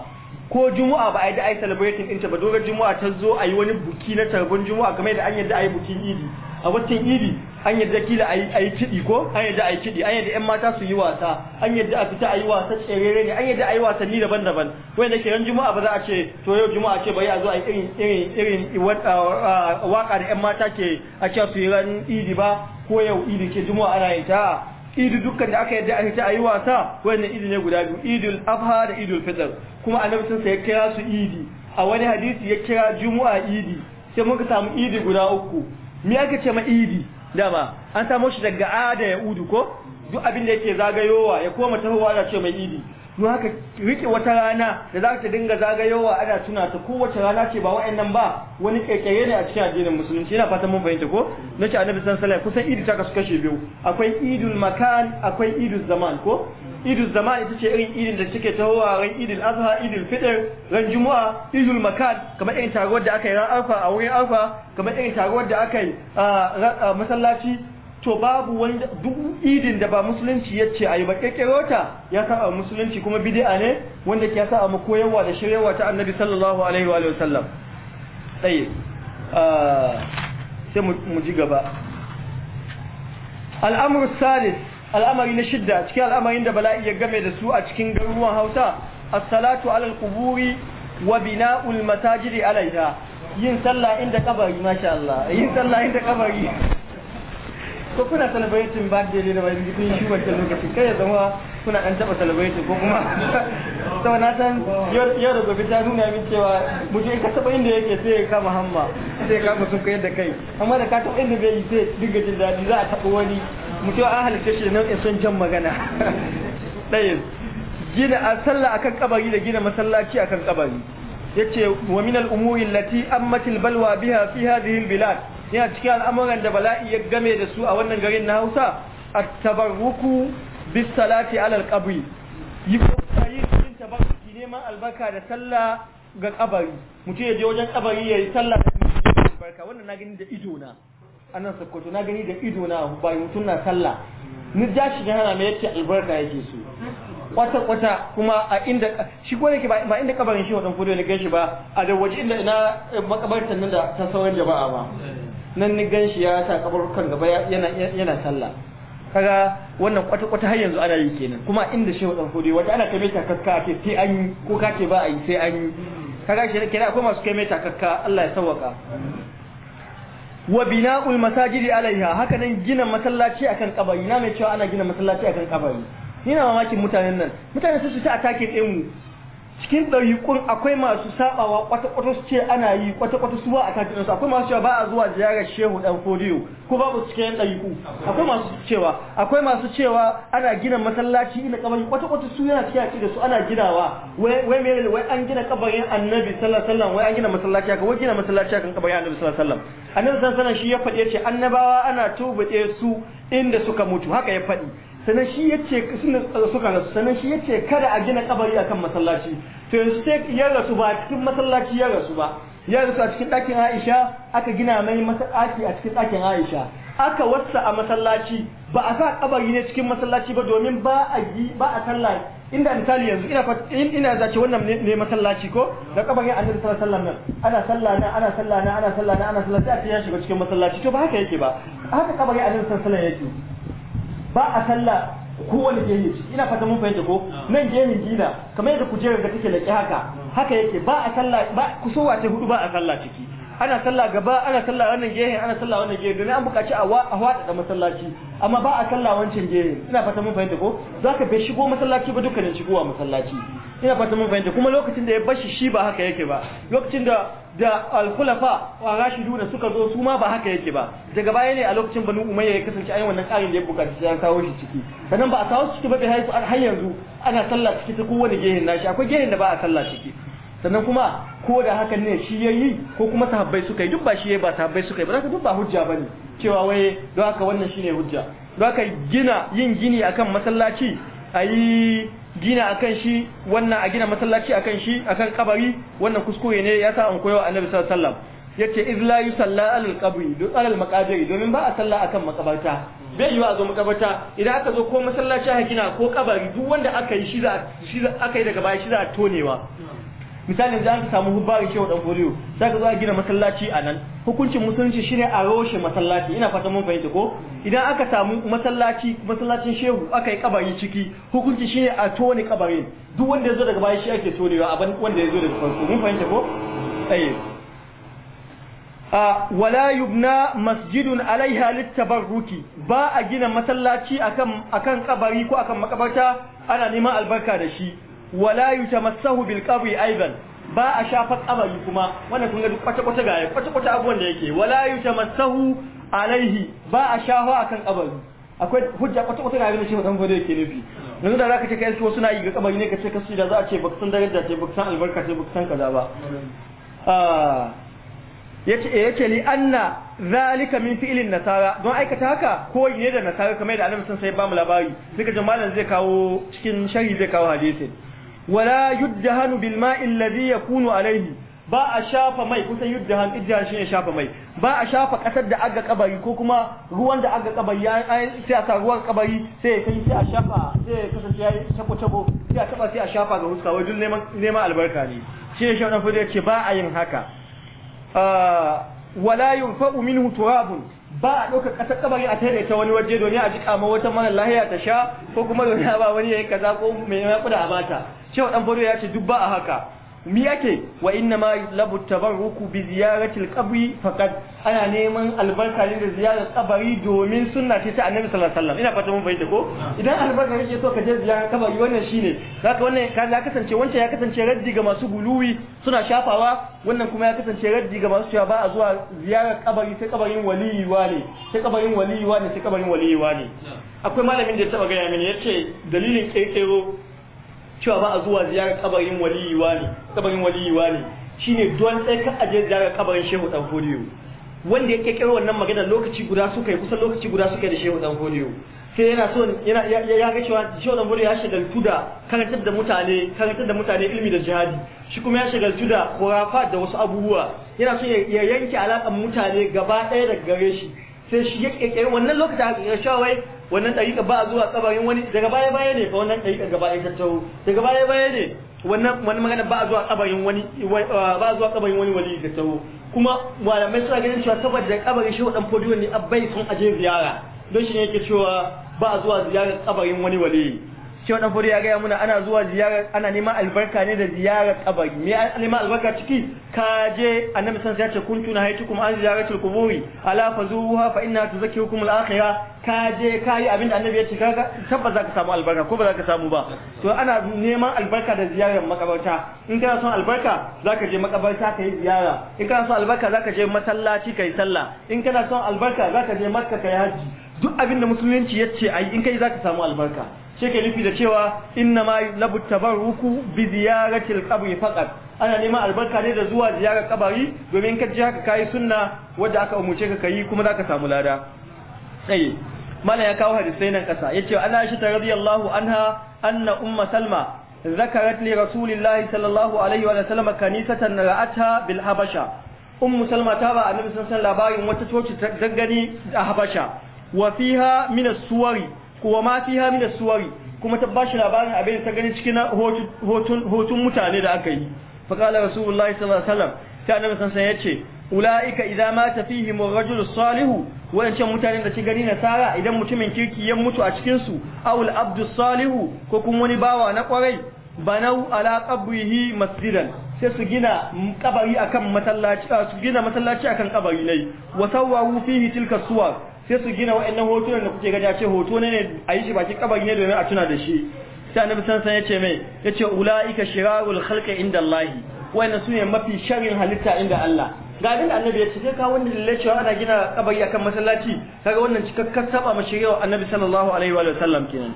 ko juma'a ba a yadda a yi celebrating ɗinta ba dogar juma'a ta zo a yi wani buki na tarbon juma'a game da an yadda a yi bukin idi a watan idi an yadda kila a yi kiɗi ko an yadda a yi kiɗi an yadda 'yan mata su yi wasa an yadda a fita a yi wasa tserere ne an yadda a yi wasanni daban-daban wanda ke ran juma'a ba za a ce to yau juma'a ce bai a zo a yi irin irin irin waka da 'yan mata ke a cewa su yi ran idi ba ko yau idi ke juma'a ana yin ta idi dukkan da aka yadda a fita a yi wasa wani idi ne guda biyu idul afha da idul fitr kuma annabi sun ya kira su idi a wani hadisi ya kira juma'a idi sai muka samu idi guda uku mi aka ce ma idi dama an samo shi daga ada ya udu ko duk abin da yake zagayowa ya koma tahowa ana ce mai idi don haka rike wata rana da za ta dinga zagayowa ana tuna ta kowace rana ce ba wa'annan ba wani kekere ne a cikin addinin musulunci yana fatan mun fahimta ko nace annabi sallallahu alaihi wasallam kusan idi ta kasu kashe biyu akwai idul makan akwai idul zaman ko idul zama ita ce irin idin da suke tahowa ran idul azha idul fitr ran juma'a idul makan kamar irin taruwar da aka yi ran a wurin arfa kamar irin taruwar da aka yi a masallaci to babu wanda duk idin da ba musulunci ya ce a yi ba ta ya sa musulunci kuma bid'a ne wanda ke sa mu koyarwa da shiryarwa ta annabi sallallahu alaihi wa sallam tsaye sai mu ji gaba al'amur salis al'amari na shidda cikin al'amarin da bala'i ya game da su a cikin garuruwan Hausa as-salatu alal quburi wa bina'ul masajidi alaiha yin sallah inda kabari masha Allah yin sallah inda kabari ko kuna celebrating birthday ne da bai kun shi ta lokaci kai ya zama kuna an taba celebrating ko kuma to [LAUGHS] na san yau da gobe ta nuna min cewa mutum ka taba inda yake sai ya kama hamma sai ya kama sun kai da kai amma da ka taba inda bai yi sai diga jin daɗi za a taba wani mutum an halitta shi da nau'in son jan magana ɗaya gina a sallah akan kabari da gina masallaci akan kabari yace wa minal umurin umuri allati ammatil balwa biha fi hadhihi bilad yana cikin al'amuran da bala'i ya game da su a wannan garin na Hausa A tabarruku bis salati ala al-qabri yi cikin tabarruki neman albarka da sallah ga kabari mutum ya je wajen kabari yayi sallah da barka, wannan na gani da ido na a nan sokoto na gani da ido na bayi mutum na sallah ni ja shi hana mai yake albarka yake so kwata kwata kuma a inda shi ko yake ba inda kabarin shi wadan kudu ne gan shi ba a da waje inda na eh, makabartan nan da ta sauran jama'a ba nan ni gan shi ya sa kabarukan gaba yana yana sallah kaga wannan kwata kwata har yanzu ana yi kenan kuma inda shi wadan kudu wata ana kai ta kaska ake sai an yi ko kake ba a yi sai an yi kaga shi kenan akwai masu kai mai Allah ya sauwaka wa bina'ul masajidi alaiha haka nan gina masallaci akan kabari na mai cewa ana gina masallaci akan kabari ni na mamakin mutanen nan mutane su su a take tsayin mu cikin ɗariƙun akwai masu sabawa kwata-kwata su ce ana yi kwata-kwata su ba a kan su akwai masu cewa ba a zuwa ziyarar shehu dan fodiyo ko babu cikin ɗariƙu akwai masu cewa akwai masu cewa ana gina masallaci ina kabari kwata-kwata su yana cikin da su ana ginawa wai mere wai an gina kabarin annabi sallallahu alaihi wasallam wai an gina masallaci haka wai gina masallaci haka kabarin annabi sallallahu alaihi wasallam annabi sallallahu alaihi wasallam shi ya faɗi ya ce annabawa ana tubuɗe su inda suka mutu haka ya faɗi sannan shi yace suka rasu sannan shi yace kada a gina kabari akan masallaci to yanzu sai ya rasu ba cikin masallaci ya rasu ba ya rasu a cikin ɗakin Aisha aka gina mai masallaci a cikin ɗakin Aisha aka wassa a masallaci ba a sa kabari ne cikin masallaci ba domin ba a yi ba a sallah inda misali yanzu ina ina zace wannan ne masallaci ko da kabarin annabi sallallahu alaihi wasallam nan ana sallah nan ana sallah nan ana sallah nan ana sallah sai ya shiga cikin masallaci to ba haka yake ba haka kabarin annabi sallallahu alaihi wasallam yake ba a sallah kowane gehe ina fata mun fahimta ko ah. nan gehen gina kamar yadda kujerar da take laƙi haka ah. haka yake ba a sallah ba kusowa ta hudu ba a sallah ciki ana sallah gaba ana sallah wannan gehen ana sallah wannan gehen domin an buƙaci a waɗaɗa masallaci amma ba a sallah wancan gehen ina fata mun fahimta ko za ka bai shigo masallaci ba dukkanin shigowa masallaci ina fata mun fahimta kuma lokacin da ya bashi shi ba haka yake ba lokacin da da al-khulafa wa rashiduna suka zo su ma ba haka yake ba daga baya ne a lokacin banu umayya ya kasance ayin wannan karin da ya buƙaci an kawo shi ciki sannan ba a kawo shi ciki ba bai har yanzu ana sallah ciki ta kowane gehen nashi akwai gehen da ba a sallah ciki sannan kuma ko da haka ne shi yayi ko kuma sahabbai suka yi duk ba shi yayi ba sahabbai suka yi ba ka duk ba hujja bane cewa wai don haka wannan shine hujja don haka gina yin gini akan masallaci ayi gina akan shi wannan a gina masallaci akan shi akan kabari wannan kuskure ne ya sa an koyo annabi sallallahu alaihi wasallam yace iz la yusalla alal qabri alal maqabiri domin ba a salla akan makabarta bai yiwa a zo makabarta idan aka zo ko masallaci ha gina ko kabari duk wanda aka yi shi za aka yi daga baya shi za a tonewa misali yanzu an samu hubbarin shehu dan goriyo sai ka zo a gina masallaci a nan hukuncin musulunci shine a roshe masallaci ina fata mun fahimta ko idan aka samu masallaci masallacin shehu aka yi kabari ciki hukunci shine a tone kabarin duk wanda ya zo daga baya shi ake tonewa abin wanda ya zo daga farko mun fahimta ko A wala yubna masjidun alaiha littabarruki ba a gina masallaci akan akan kabari ko akan makabarta ana neman albarka da shi wala yutamassahu bil qabri aidan ba a shafa kabari kuma wannan kun ga duk kwata kwata ga kwata kwata abuwan da yake wala yutamassahu alaihi ba a shafa akan kabari akwai hujja kwata kwata ga ganin shi mutan fada yake nufi yanzu da zaka ce kai su suna yi ga kabari ne ka ce kasu da za a ce baka san darajar ce baka san albarka ce baka san kaza ba yace eh yace li anna zalika min fi'lin nasara don aikata haka ko ne da nasara kamar da annabi sun sai ba mu labari suka ji malam zai kawo cikin sharhi zai kawo hadisi wala bilma bil ma'i alladhi yakunu alayhi ba a shafa mai kusan yudhan ijja shi ne shafa mai ba a shafa kasar da aga kabari ko kuma ruwan da aga kabari sai a sa ruwan kabari sai ya kai sai a shafa sai ya kasance yayi tabo tabo sai a taba sai a shafa ga huska wajen neman neman albarka ne shi ne shaudan fada ce ba a yin haka wala yunfa'u minhu turabun ba a ɗaukar ƙasar kabari a tare ta wani waje domin a ji kama wata mara lahiya ta sha ko kuma domin a ba wani yi kaza ko mai naƙuda a bata cewa dan bodo ya ce duk ba a haka mi yake wa inna ma labu tabarruku bi ziyaratil qabri faqad ana neman albarka ne da ziyarar kabari domin sunna ce ta annabi sallallahu alaihi wasallam ina fata mun fahimta ko idan albarka kake so ka je ziyarar kabari wannan shine zaka wannan ka ya kasance wancan ya kasance raddi ga masu guluwi suna shafawa wannan kuma ya kasance raddi ga masu cewa ba a zuwa ziyarar kabari sai kabarin waliyi wane sai kabarin waliyi wane sai kabarin waliyi wane akwai malamin da ya taba gaya mini yace dalilin kekero cewa ba a zuwa ziyarar kabarin waliyuwa ne kabarin waliyuwa ne shine don sai ka aje ziyarar kabarin shehu dan fodiyo wanda ya kirkiro wannan magana lokaci guda suka yi kusan lokaci guda suka yi da shehu dan fodiyo sai yana so yana ya ga cewa shehu dan ya shagaltu tuda karantar da mutane karantar da mutane ilimi da jihadi shi kuma ya shagaltu da khurafat da wasu abubuwa yana so ya yanke alakan mutane gaba ɗaya daga gare shi sai shi ya kekere wannan lokacin haka ya sha wai wannan ɗariƙa ba a zuwa tsabarin wani daga baya baya ne fa wannan ɗariƙa gaba ɗaya tattau daga baya baya ne wannan wani magana ba a zuwa tsabarin wani ba a zuwa tsabarin wani wali tattaro kuma malamai suna ganin cewa saboda kabarin shi wadan fodiyo ne abbai sun aje ziyara don shi ne yake cewa ba a zuwa ziyarar tsabarin wani wali shi wannan fure ya gaya muna ana zuwa ziyara ana neman albarka ne da ziyarar kabari me neman albarka ciki ka je annabi san sai ya ce kuntu na haitukum an ziyaratul quburi ala fazuha fa inna tuzakkirukum al-akhirah ka je ka yi abin da annabi ya ce kaga tabbas zaka samu albarka ko ba zaka samu ba to ana neman albarka da ziyarar makabarta in kana son albarka zaka je makabarta ka yi ziyara in kana son albarka zaka je masallaci ka yi sallah in kana son albarka zaka je makka ka yi haji duk abinda musulunci ya ce ai in kai zaka samu albarka shi ke nufi da cewa inna ma bar ruku bi ziyaratil al-qabri faqat ana neman albarka ne da zuwa ziyarar kabari domin ka ji haka kai sunna wanda aka umurce ka kai kuma zaka samu lada mala mana ya kawo hadisai nan kasa yace ana shi ta radiyallahu anha anna umma salma ذكرت لرسول الله صلى الله عليه وسلم كنيسة رأتها بالحبشة أم سلمة تابع النبي صلى الله عليه وسلم labarin wata coci ta gani a Habasha wa fiha suwari kuwa ma fiha min suwari kuma ta bashi labarin abin da ta gani cikin hotun mutane da aka yi fa qala rasulullahi sallallahu alaihi wasallam ta annabi sallallahu alaihi ulaika idza mata rajulu salihu wancan mutanen da ci gari nasara idan mutumin kirki ya mutu a cikin su awul abdu salihu ko kuma wani bawa na kwarai banau ala qabrihi masjidan sai su gina kabari akan masallaci su gina akan kabari ne wa sawwaru fihi tilka suwar sai su gina wa'annan hotunan da kuke gani a ce hoto ne ne a yi shi baki kabari ne domin a tuna da shi sai annabi san san yace mai yace ulaika shirarul khalqi inda Allah wa'annan sune mafi sharrin halitta inda Allah ga abin da annabi ya ce sai ka wanda lalle ana gina kabari akan masallaci kaga wannan cikakkar saba ma shiriyar annabi sallallahu alaihi wa sallam kenan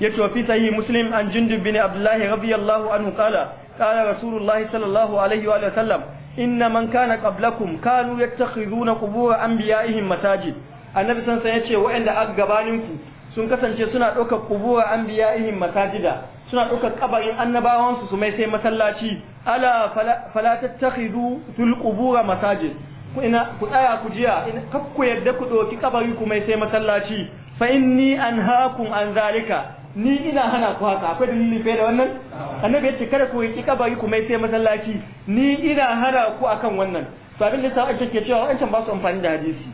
yace wa fi sahih muslim an jundub bin abdullah radiyallahu anhu qala qala rasulullah sallallahu alaihi wa sallam inna man kana qablakum kanu yattakhidhuna qubur anbiya'ihim masajid annabi sansa ya ce waɗanda aka gabaninku sun kasance suna ɗaukar kubura an biya ihin masajida suna ɗaukar kabarin annabawansu su mai sai masallaci ala falatattakhidu tul qubura masajid ku ina ku tsaya ku jiya kak yadda ku ɗauki kabari ku mai sai masallaci fa inni anhaakum an zalika ni ina hana ku haka akwai dalilin fiye da wannan annabi ya ce kada ku yi kabari ku mai sai masallaci ni ina hana ku akan wannan to abin da sa ake cewa an can ba su amfani da hadisi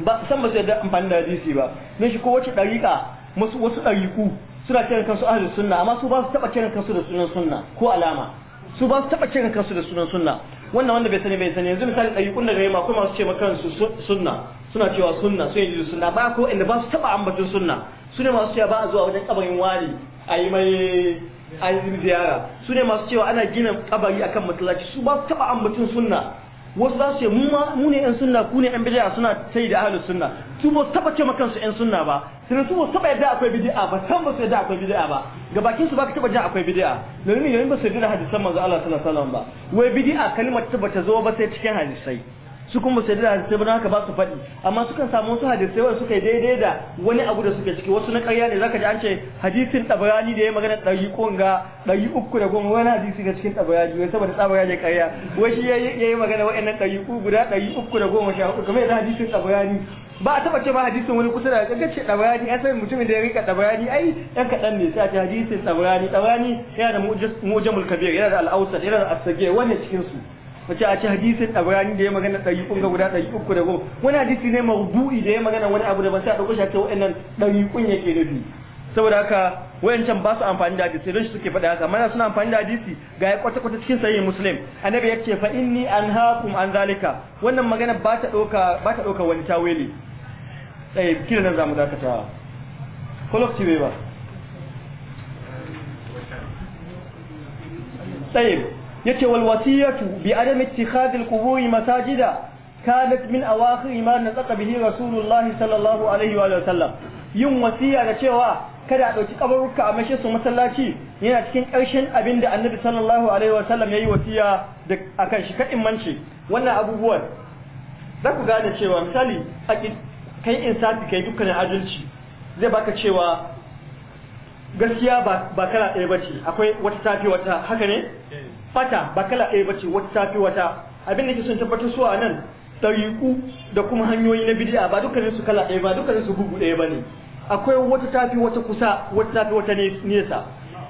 ba san ba su yadda amfani da hadisi ba don shi ko wace ɗariƙa wasu wasu ɗariƙu suna kiran kansu ahlus sunna amma su ba su taɓa kiran kansu da sunan sunna ko alama su ba su taɓa kiran kansu da sunan sunna wannan wanda bai sani bai sani yanzu misali ɗariƙun da gaima kuma su ce ma kansu sunna suna cewa sunna sun yi sunna ba ko inda ba su taɓa ambatun sunna su ne masu cewa ba a zuwa wajen kabarin wari a yi mai an ziyara su ne masu cewa ana gina kabari akan masallaci su ba su taba ambatun sunna wasu za su ce mu ne yan sunna ku ne yan bid'a suna tai da ahlus sunna su ba taba ce maka su yan sunna ba sai su ba su taba yadda akwai bid'a ba san ba su yadda akwai bid'a ba ga bakin su baka taba jin akwai bid'a ne yayin ba su yadda hadisan manzo Allah sallallahu alaihi wasallam ba wai bid'a kalmar ta bata zo ba sai cikin hadisai su kuma sai da hadisai ba haka ba su faɗi amma sukan samu wasu hadisai wanda suka yi daidai da wani abu da suke ciki wasu na ƙarya ne zaka ji an ce hadisin tabarani da ya magana ɗari da ɗari uku da goma wani hadisi ga cikin tabarani wai saboda tabarani ƙarya wai shi ya yi magana wa'annan ɗari uku guda ɗari uku da goma sha uku kamar yadda hadisin tabarani ba a tabbace ce ba hadisin wani kusa da gaggace tabarani an sai mutumin da ya rika tabarani ai dan kadan ne sai a ce hadisin tabarani tabarani yana da mujamul kabir yana da al-awsat yana da as-sagir wani cikin su wace a ci hadisin abrani da ya magana ɗari kun ga guda ɗari uku da goma wani hadisi ne mawdu'i da ya magana wani abu da ban sai a ɗauko shafi a ce wa'annan ɗari kun yake nufi saboda haka wayancan ba su amfani da hadisi don shi suke faɗa haka mana suna amfani da hadisi ga ya kwata kwata cikin sahih muslim annabi ya ce fa inni hakum an zalika wannan magana ba ta ɗauka ba ta ɗauka wani tawili eh kila nan zamu dakata ko bai ba tsayin yace wal wasiyatu bi adam ittikhadhi al quburi masajida kanat min iman na tsaka bihi rasulullahi sallallahu alaihi wa sallam yin wasiya da cewa kada a dauki kabarurka a mashi su masallaci yana cikin karshen abin da annabi sallallahu alaihi wa sallam yayi wasiya da akan shi kadin mance wannan abubuwan za ku gane cewa misali kai insafi kai dukkanin adalci zai baka cewa gaskiya ba kala ɗaya ba ce akwai wata safi wata haka ne fata ba kala ɗaya ba ce wata tafi wata abin da ke sun tabbatar su a nan ɗariƙu da kuma hanyoyi na bidiya ba dukkan su kala ɗaya ba dukkan su bugu ɗaya ne akwai wata tafi wata kusa wata tafi wata nesa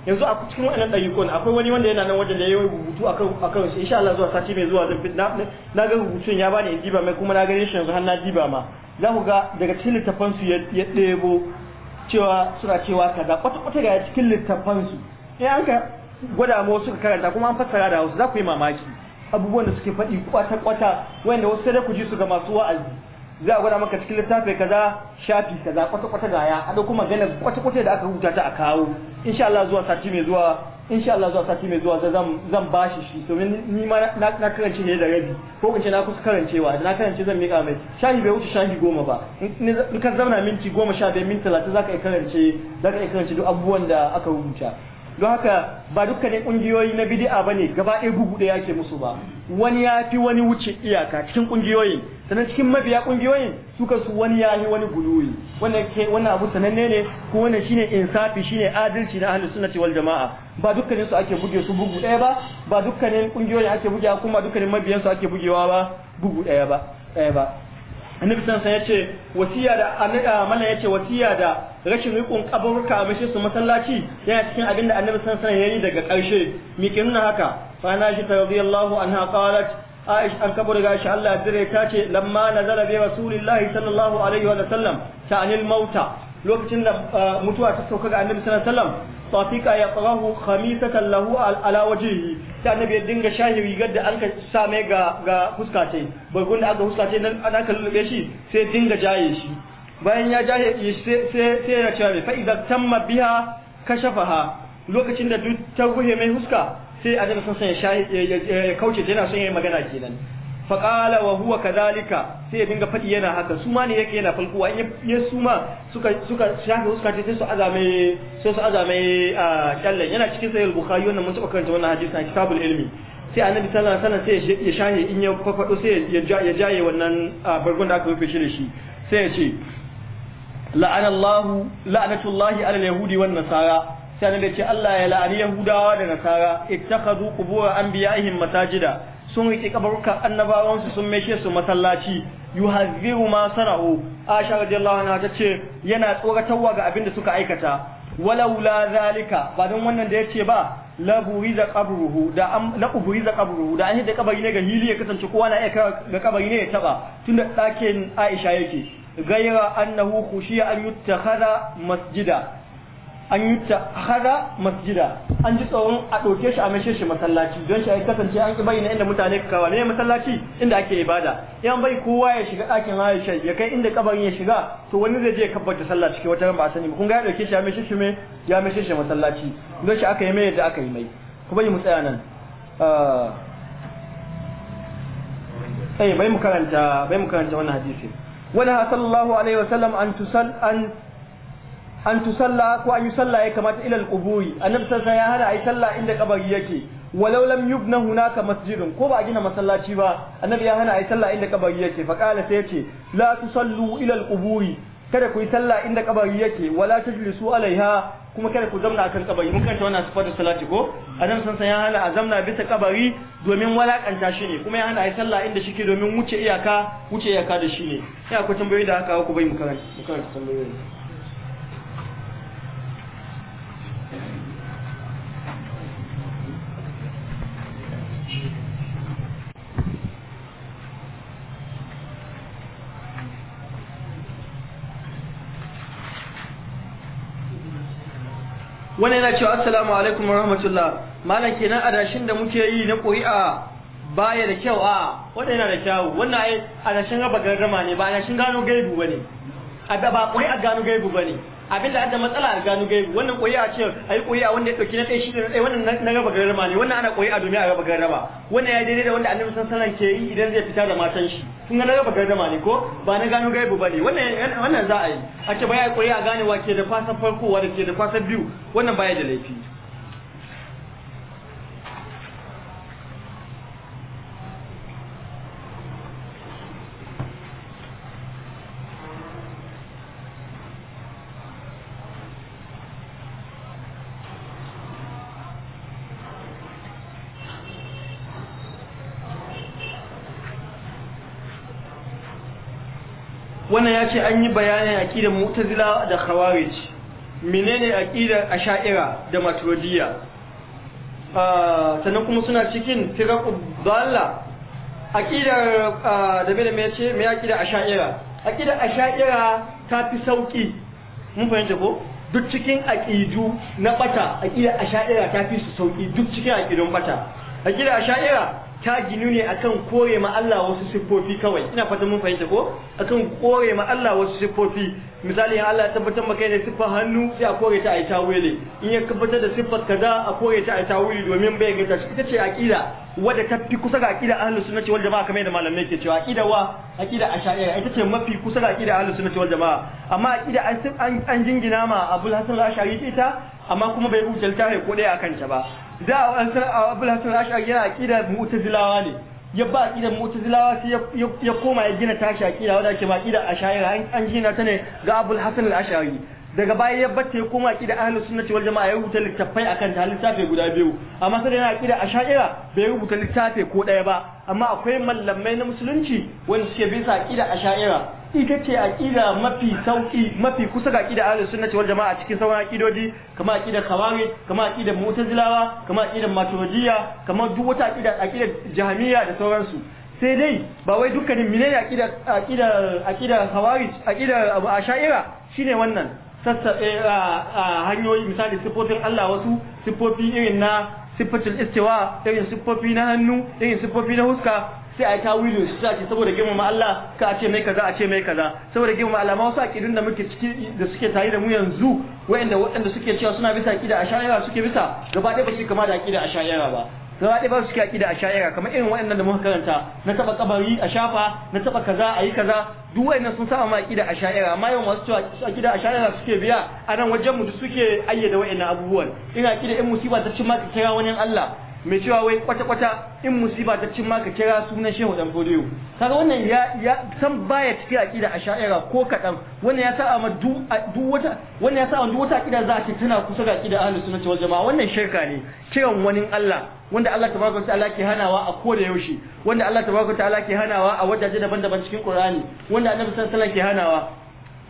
yanzu a cikin wannan ɗariƙon akwai wani wanda yana nan wajen da ya yi rubutu a kan shi insha Allah zuwa sati mai zuwa zan na na ga rubutun ya bani in diba mai kuma na gane shi yanzu har na diba ma za ku ga daga cikin littafan su ya ɗebo cewa suna cewa kaza kwata-kwata ga cikin littafan su eh an ka gwada ma wasu karanta kuma an fassara da Hausa za ku yi mamaki abubuwan da suke faɗi kwata kwata wanda wasu sai ku ji su ga masu wa'azi za a gwada maka cikin littafi kaza shafi kaza kwata kwata ya a kuma magana kwata kwata da aka rubuta ta a kawo insha Allah zuwa sati mai zuwa insha Allah zuwa sati mai zuwa zan zan bashi shi domin ni ma na karance ne da rabi ko kace na kusa karancewa da na karance zan mika mai shahi bai wuce shahi goma ba in ka zauna minti goma sha biyar minti talatin zaka iya karance zaka iya karance duk abubuwan da aka rubuta don haka ba dukkanin kungiyoyi na ba ne gaba ɗaya bugu ɗaya ke musu ba wani ya fi wani wuce iyaka cikin kungiyoyin sannan cikin mabiya kungiyoyin suka su wani ya yi wani guluwi wannan ke wannan abu sananne ne ko wannan shine insafi shine adalci na ahlus sunnati wal jamaa ba dukkanin su ake buge su bugu ɗaya ba ba dukkanin kungiyoyin ake bugewa kuma dukkanin mabiyan su ake bugewa ba bugu ɗaya ba ɗaya ba annabi sansa ya ce wasiya da annabi ah, mala ya ce wasiya da rashin riƙon kaburka a mashi su masallaci yana cikin abin da annabi sansa ya yi daga ƙarshe miki ke nuna haka fa na shi radiyallahu anha qalat Aisha an kabar ga shi Allah dire ta ce lamma nazala bi rasulillahi sallallahu alaihi wa sallam ta'anil mauta lokacin da ah, mutuwa ta sauka ga annabi sallallahu alaihi wa sallam tafika ya tsarahu khamisatan lahu ala yi sai annabi ya dinga shahi rigar da an ka sa mai ga ga fuska bargun da aka fuska nan an aka lullube shi sai dinga jaye shi bayan ya jaye shi sai sai ya cire fa idan tamma biha kashafaha lokacin da duk ta ruhe mai fuska sai annabi sun ya kauce yana son yi magana kenan faƙala wa huwa kazalika sai ya dinga faɗi yana haka su ma ne yake yana farko in ya su ma suka suka shafe suka ce sai su azame sai su a kyallan yana cikin sahih al-bukhari wannan mun taɓa karanta wannan hadisi a kitabul ilmi sai annabi sallallahu alaihi wasallam sai ya shafe in ya fafado sai ya jaye wannan bargon da aka rufe shi da shi sai ya ce la'ana Allah la'anatullahi ala al-yahudi wan nasara sai annabi ya ce Allah ya la'ani yahudawa da nasara ittakhadhu qubur anbiya'ihim masajida sun riƙe kabarukan annabawansu sun meshe su masallaci yuhazziru ma sana'u Aisha radiyallahu anha ta ce yana tsoratarwa ga abin da suka aikata walaula zalika ba don wannan da yace ba la buriza qabruhu da am da an da kabari ne ga hili ya kasance kowa na iya ga kabari ne ya taba tunda dakin Aisha yake gaira annahu khushiya an yuttakhadha masjida an yi ta haga masjida an ji tsoron a ɗauke shi a maishe shi masallaci don shi a kasance an ki bayyana inda mutane ka kawo ne masallaci inda ake ibada yan bai kowa ya shiga ɗakin Aisha ya kai inda kabarin ya shiga to wani zai je ya kabbata sallah cikin wata ran ba sani kun ga ya ɗauke shi a maishe shi me ya maishe shi masallaci don shi aka yi mai yadda aka yi mai ku bari mu tsaya nan ah, eh bai mu karanta bai mu karanta wannan hadisi wani sallallahu alaihi wasallam an tusal an an tu sallah ko an yi sallah ya kamata ilal quburi annabi sallallahu ya hana ayi sallah inda kabari yake walau lam yubna hunaka masjidun ko ba a gina masallaci ba annabi ya hana ayi sallah inda kabari yake fa qala sai yace la tusallu ilal quburi kada ku yi sallah inda kabari yake wala tajlisu alaiha kuma kada ku zamna akan kabari mun kanta wannan da salati ko annabi sallallahu ya hana a zamna bisa kabari domin kanta shi ne kuma ya hana ayi sallah inda shike domin wuce iyaka wuce iyaka da shi ne sai akwai tambayoyi da haka ku bai mu karanta mu karanta tambayoyi wani yana cewa assalamu alaikum wa rahmatullah malam kenan adashin da muke yi na ƙuri'a baya da kyau a wannan yana da kyau wannan ai adashin raba gardama ne ba adashin gano gaibu bane ba ƙuri'a gano gaibu bane abinda da matsala a gano gai wannan koyi a ce ai koyi a wanda ya dauki na kai shi da wannan na raba garrama ne wannan ana koyi a domin a raba garrama wannan ya daidai da wanda annabi sallallahu alaihi ke yi idan zai fita da matan shi kun ga na raba garrama ne ko ba na gano gaibu bane wannan wannan za a yi a ce baya koyi a gane wa ke da fasan farko wa da ke da fasan biyu wannan baya da laifi wannan ya ce an yi bayanin aƙidar mu'tazila da khawarij menene aƙidar asha'ira da maturidiyya ah, sannan kuma suna cikin firaqu dalla aƙidar ah, da bai da mai ce me aƙidar asha'ira aƙidar asha'ira ta fi sauki mun fahimta ko duk cikin aƙidu na bata aƙidar asha'ira ta fi su sauki duk cikin aƙidun bata aƙidar asha'ira ta ginu ne akan kore ma Allah wasu siffofi kawai ina fata mun fahimta ko akan kore ma Allah wasu siffofi misali in Allah ya tabbatar maka da siffar hannu sai a kore ta a yi tawili in ya tabbatar da siffar kaza a kore ta a yi tawili domin bai ganta shi ita ce aqida wadda ta fi kusa ga aqida ahlus sunnati wal jamaa kamar yadda malamai ke cewa aqida wa aqida ash'ariyya ita ce mafi kusa ga aqida ahlus sunnati wal jamaa amma aqida an an jingina ma Abul Hasan al-Ash'ari ita amma kuma bai rubuta littafi ko dai akan ta ba da Abul Hasan ashari yana aqida mu'tazilawa ne ya ba aqida mu'tazilawa sai ya koma ya gina tashi a kira wadda ke ba a ash'ari an gina ta ne ga Abul Hasan al'ashari daga baya ya batta ya koma aqida ahlus na cewar jama'a ya rubuta littafai kan ta littafi guda biyu amma sai yana a ash'ari bai rubuta littafi ko ɗaya ba amma akwai mallamai na musulunci wanda suke bisa a a ash'ari ita ce aqida mafi sauki mafi kusa ga aƙida ahlus sunna wal jamaa cikin sauran aqidodi kamar aqida khawarij kamar aqida mu'tazilawa kamar aƙida maturidiyya kamar duk wata aƙida aqida jahmiya da sauransu sai dai ba wai dukkanin menene aqida aqida aqida khawarij aqida abu asha'ira shine wannan sassaɓe eh, a hanyoyi misali sifofin Allah wasu siffofi irin na sifatul istiwa irin siffofi na hannu irin siffofi na huska sai a yi tawilin su ce saboda girmama Allah ka a ce mai kaza a ce mai kaza saboda girmama Allah ma wasu aqidun da muke ciki da suke tare da mu yanzu waɗanda waɗanda suke cewa suna bisa a shayara suke bisa gaba ɗaya ba su kama da a shayara ba gaba ɗaya ba su kaki da shayara kamar irin waɗanda da muka karanta na taɓa kabari a shafa na taɓa kaza a yi kaza duk waɗannan sun saba ma akida shayara amma yawan wasu cewa akida shayara suke biya a nan wajen mutu suke ayyada waɗannan abubuwan ina akida in musiba ta cin ma kira wani Allah mai cewa wai kwata-kwata in musiba ta cin maka kira sunan shehu dan fodiyo kaga wannan ya ya san baya cikin a sha'ira ko kadan wannan ya sa a duk wata wannan ya sa a duk wata akida za ce tana kusa ga akida ahlus sunnah wal jamaa wannan shirka ne kiran wani Allah wanda Allah tabaraka wa ta'ala ke hanawa a koda yaushe wanda Allah tabaraka wa ta'ala ke hanawa a wajaje daban-daban cikin Qur'ani wanda Annabi sallallahu alaihi wasallam ke hanawa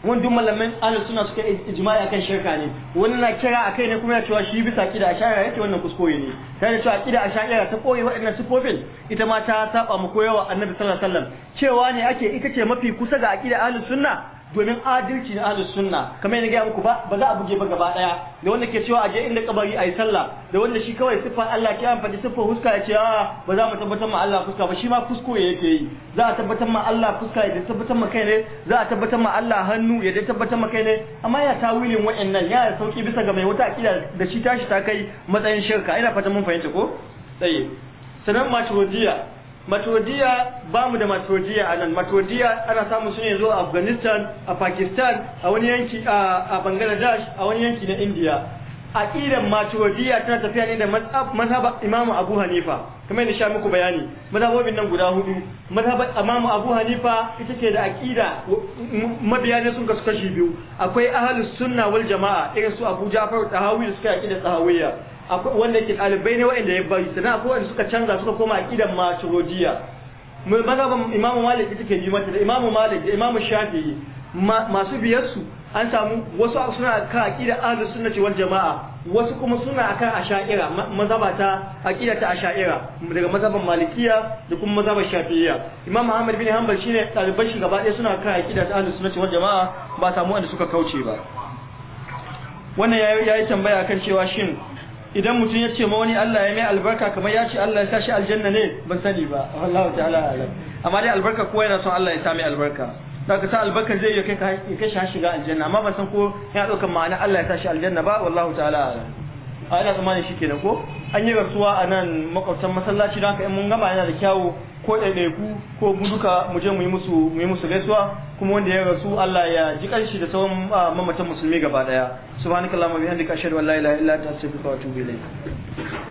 wani duk malamin ahlus suna suka ijma'i akan shirka ne wani na kira akai ne kuma ya cewa shi bisa kida asha'ira yake wannan kuskure ne sai da cewa kida asha'ira ta koyi waɗannan sifofin ita ma ta saba mu koyawa annabi sallallahu alaihi wasallam cewa ne ake ita ce mafi kusa ga akida ahlus sunna domin adalci na ahlus sunna kamar yana gaya muku ba ba za a buge ba gaba daya da wanda ke cewa a aje inda kabari ayi sallah da wanda shi kawai siffar Allah ke amfani siffar huska ya ce a ah, ba za mu tabbatar ma Allah fuska ba shi ma fusko yake yi za a tabbatar ma Allah fuska ya tabbatar ma kai ne za a tabbatar ma Allah hannu ya tabbatar ma kai ne amma ya tawilin wa'annan ya sauki bisa ga mai wata akida da shi tashi ta kai matsayin shirka ina fata mun fahimta ko tsaye sanan ma matodiya ba mu da matodiya a nan matodiya ana samun su ne zo a afghanistan a pakistan a wani yanki a bangladesh a wani yanki na india aqidan matodiya tana tafiya ne da mazhab imam abu hanifa kamar yadda sha muku bayani mazhabobin nan guda hudu mazhab imam abu hanifa ita ke da mabiya ne sun kasu kashi biyu akwai ahlus sunna wal jamaa irin su abu ja'far da suka aqida tahawiyya wanda ke ɗalibai ne waɗanda ya bari sannan akwai wanda suka canza suka koma a aƙidan maturidiyya ba imamu malik ita ke bi da imamu malik da imamu shafi'i masu biyarsu an samu wasu suna kan aƙidar ahlus sunnati wal jama'a wasu kuma suna akan asha'ira mazhaba ta aqida ta asha'ira daga mazhaban malikiya da kuma mazhaban shafi'iyya imam ahmad bin hanbal shine ɗaliban shi gaba ɗaya suna kan ta ahlus sunnati wal jama'a ba samu wanda suka kauce ba wannan yayi tambaya kan cewa shin idan mutum ya ce ma wani Allah ya mai albarka kamar ya ce Allah ya sa shi aljanna ne ban sani ba wallahi ta'ala amma dai albarka kowa yana son Allah ya sa mai albarka ka sa albarka zai ya kai ka shiga aljanna amma ban san ko ya dauka ma'ana Allah ya sa shi aljanna ba wallahi ta'ala a ina tsammanin shi kenan ko an yi rasuwa a nan makwabtan masallaci don haka in mun gama yana da kyawu ko ɗaiɗaiku ko mu duka mu je mu yi musu gaisuwa kuma wanda ya rasu Allah ya ji kanshi da sauran ah, mamatan musulmi gaba daya subhanakallahumma bihamdika ashhadu an la ilaha illa anta astaghfiruka wa atubu ilayk